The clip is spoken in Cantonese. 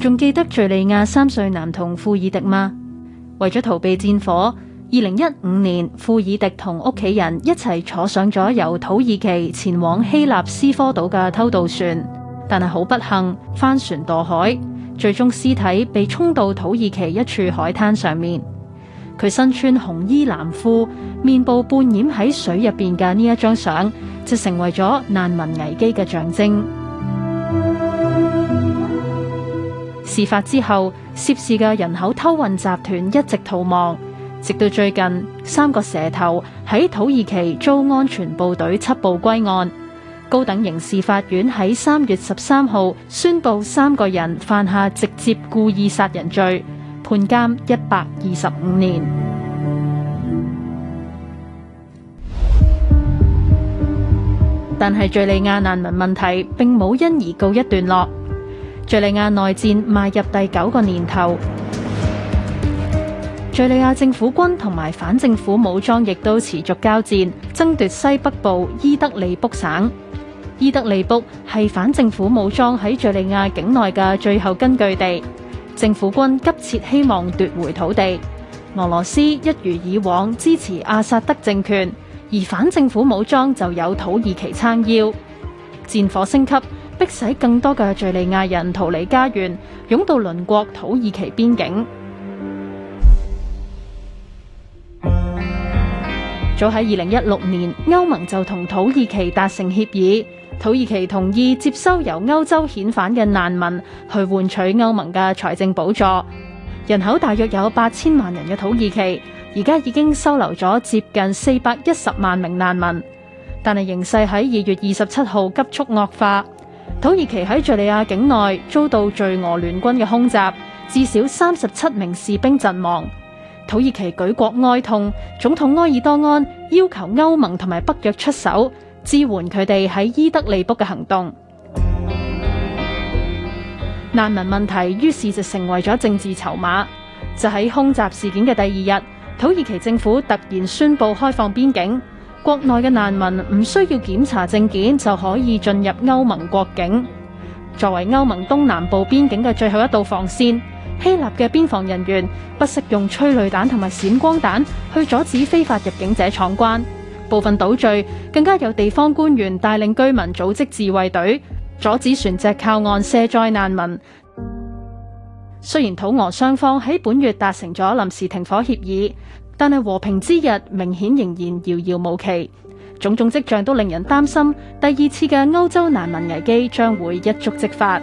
仲記得敘利亞三歲男童庫爾迪嗎？為咗逃避戰火，二零一五年庫爾迪同屋企人一齊坐上咗由土耳其前往希臘斯科島嘅偷渡船，但係好不幸翻船墮海，最終屍體被沖到土耳其一處海灘上面。佢身穿紅衣藍褲，面部半掩喺水入邊嘅呢一張相，就成為咗難民危機嘅象徵。事發之後，涉事嘅人口偷運集團一直逃亡，直到最近，三個蛇頭喺土耳其遭安全部隊緝捕歸案。高等刑事法院喺三月十三號宣布，三個人犯下直接故意殺人罪，判監一百二十五年。但係敘利亞難民問題並冇因而告一段落。敘利亞內戰邁入第九個年頭，敘利亞政府軍同埋反政府武裝亦都持續交戰，爭奪西北部伊德利卜省。伊德利卜係反政府武裝喺敘利亞境內嘅最後根據地，政府軍急切希望奪回土地。俄羅斯一如以往支持阿薩德政權，而反政府武裝就有土耳其撐腰，戰火升級，迫使更多嘅敘利亞人逃離家園，湧到鄰國土耳其邊境。早喺二零一六年，歐盟就同土耳其達成協議，土耳其同意接收由歐洲遣返嘅難民，去換取歐盟嘅財政補助。人口大約有八千萬人嘅土耳其，而家已經收留咗接近四百一十萬名難民，但係形勢喺二月二十七號急速惡化。土耳其喺敘利亞境內遭到敘俄聯軍嘅空襲，至少三十七名士兵陣亡。土耳其舉國哀痛，總統埃爾多安要求歐盟同埋北約出手支援佢哋喺伊德利卜嘅行動。難民問題於是就成為咗政治籌碼。就喺空襲事件嘅第二日，土耳其政府突然宣布開放邊境。國內嘅難民唔需要檢查證件就可以進入歐盟國境。作為歐盟東南部邊境嘅最後一道防線，希臘嘅邊防人員不惜用催淚彈同埋閃光彈去阻止非法入境者闖關。部分島嶼更加有地方官員帶領居民組織自衛隊，阻止船隻靠岸卸載難民。雖然土俄雙方喺本月達成咗臨時停火協議。但係和平之日明顯仍然遙遙無期，種種跡象都令人擔心，第二次嘅歐洲難民危機將會一觸即發。